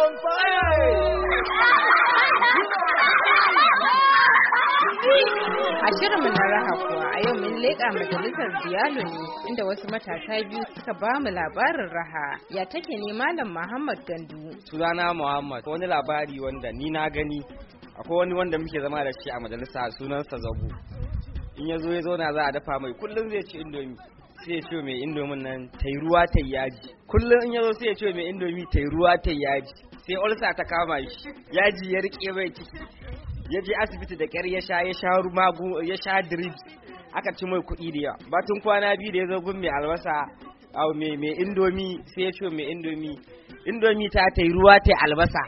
on fire! A shirinmu na raha kuwa a yau mun leƙa majalisar ziyalu ne inda wasu matasa biyu suka ba mu labarin raha ya take ne Malam Muhammad Gandu. Sunana Muhammad wani labari wanda ni na gani akwai wani wanda muke zama da shi a majalisa sunansa zabu In ya zo ya zauna za a dafa mai kullum zai ci indomi sai ya ce mai indomin nan ta yi ruwa ta yaji kullum in ya zo sai ya ce mai indomi ta yi ruwa ta yaji sai olsa ta kama shi yaji ya rike mai ciki ya je asibiti da kyar ya sha ya sha magu ya sha drip aka ci mai kuɗi da yawa batun kwana biyu da ya zo gun mai albasa au mai mai indomi sai ya ce mai indomi indomi ta ta yi ruwa ta yi albasa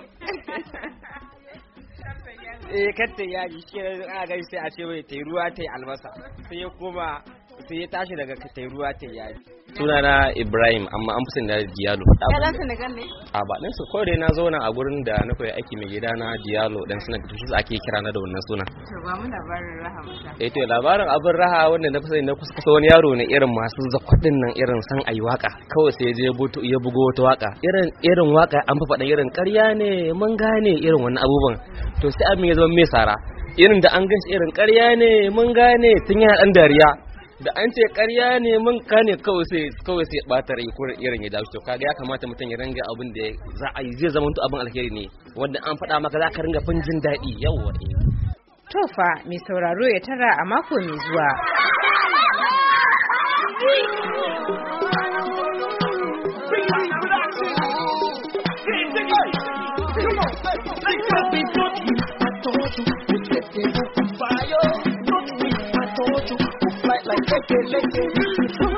eh ta yaji shi ne aka gaishe a ce mai ta yi ruwa ta yi albasa sai ya koma sai ya tashi daga ruwa ta yayi na ibrahim amma an fusin da diallo ya dan senegal ne a ba dan su kawai na zauna a gurin da na koyi aiki mai gida na diallo dan suna da shi ake kira na da wannan sunan to ba mu labarin raha mata eh to labarin abin raha wanda na fusin na kusa wani yaro ne irin masu zakwadin nan irin san ayi waka kawai sai je buto ya bugo wata waka irin irin waka an fa faɗa irin ƙarya ne mun gane irin wannan abubuwan to sai abin ya zama mai sara irin da an gan irin ƙarya ne mun gane tun yana ɗan dariya da an ce karya ne mun ka ne kawai sai ɓata sai batar irin ya dawo to kaga ya kamata mutum ya ringa abin da za a yi zai zama abin alheri ne wanda an faɗa maka za ka ringa fin jin daɗi yawa to fa mai sauraro ya tara a mako mai zuwa Thank you. like, lick it, lick it.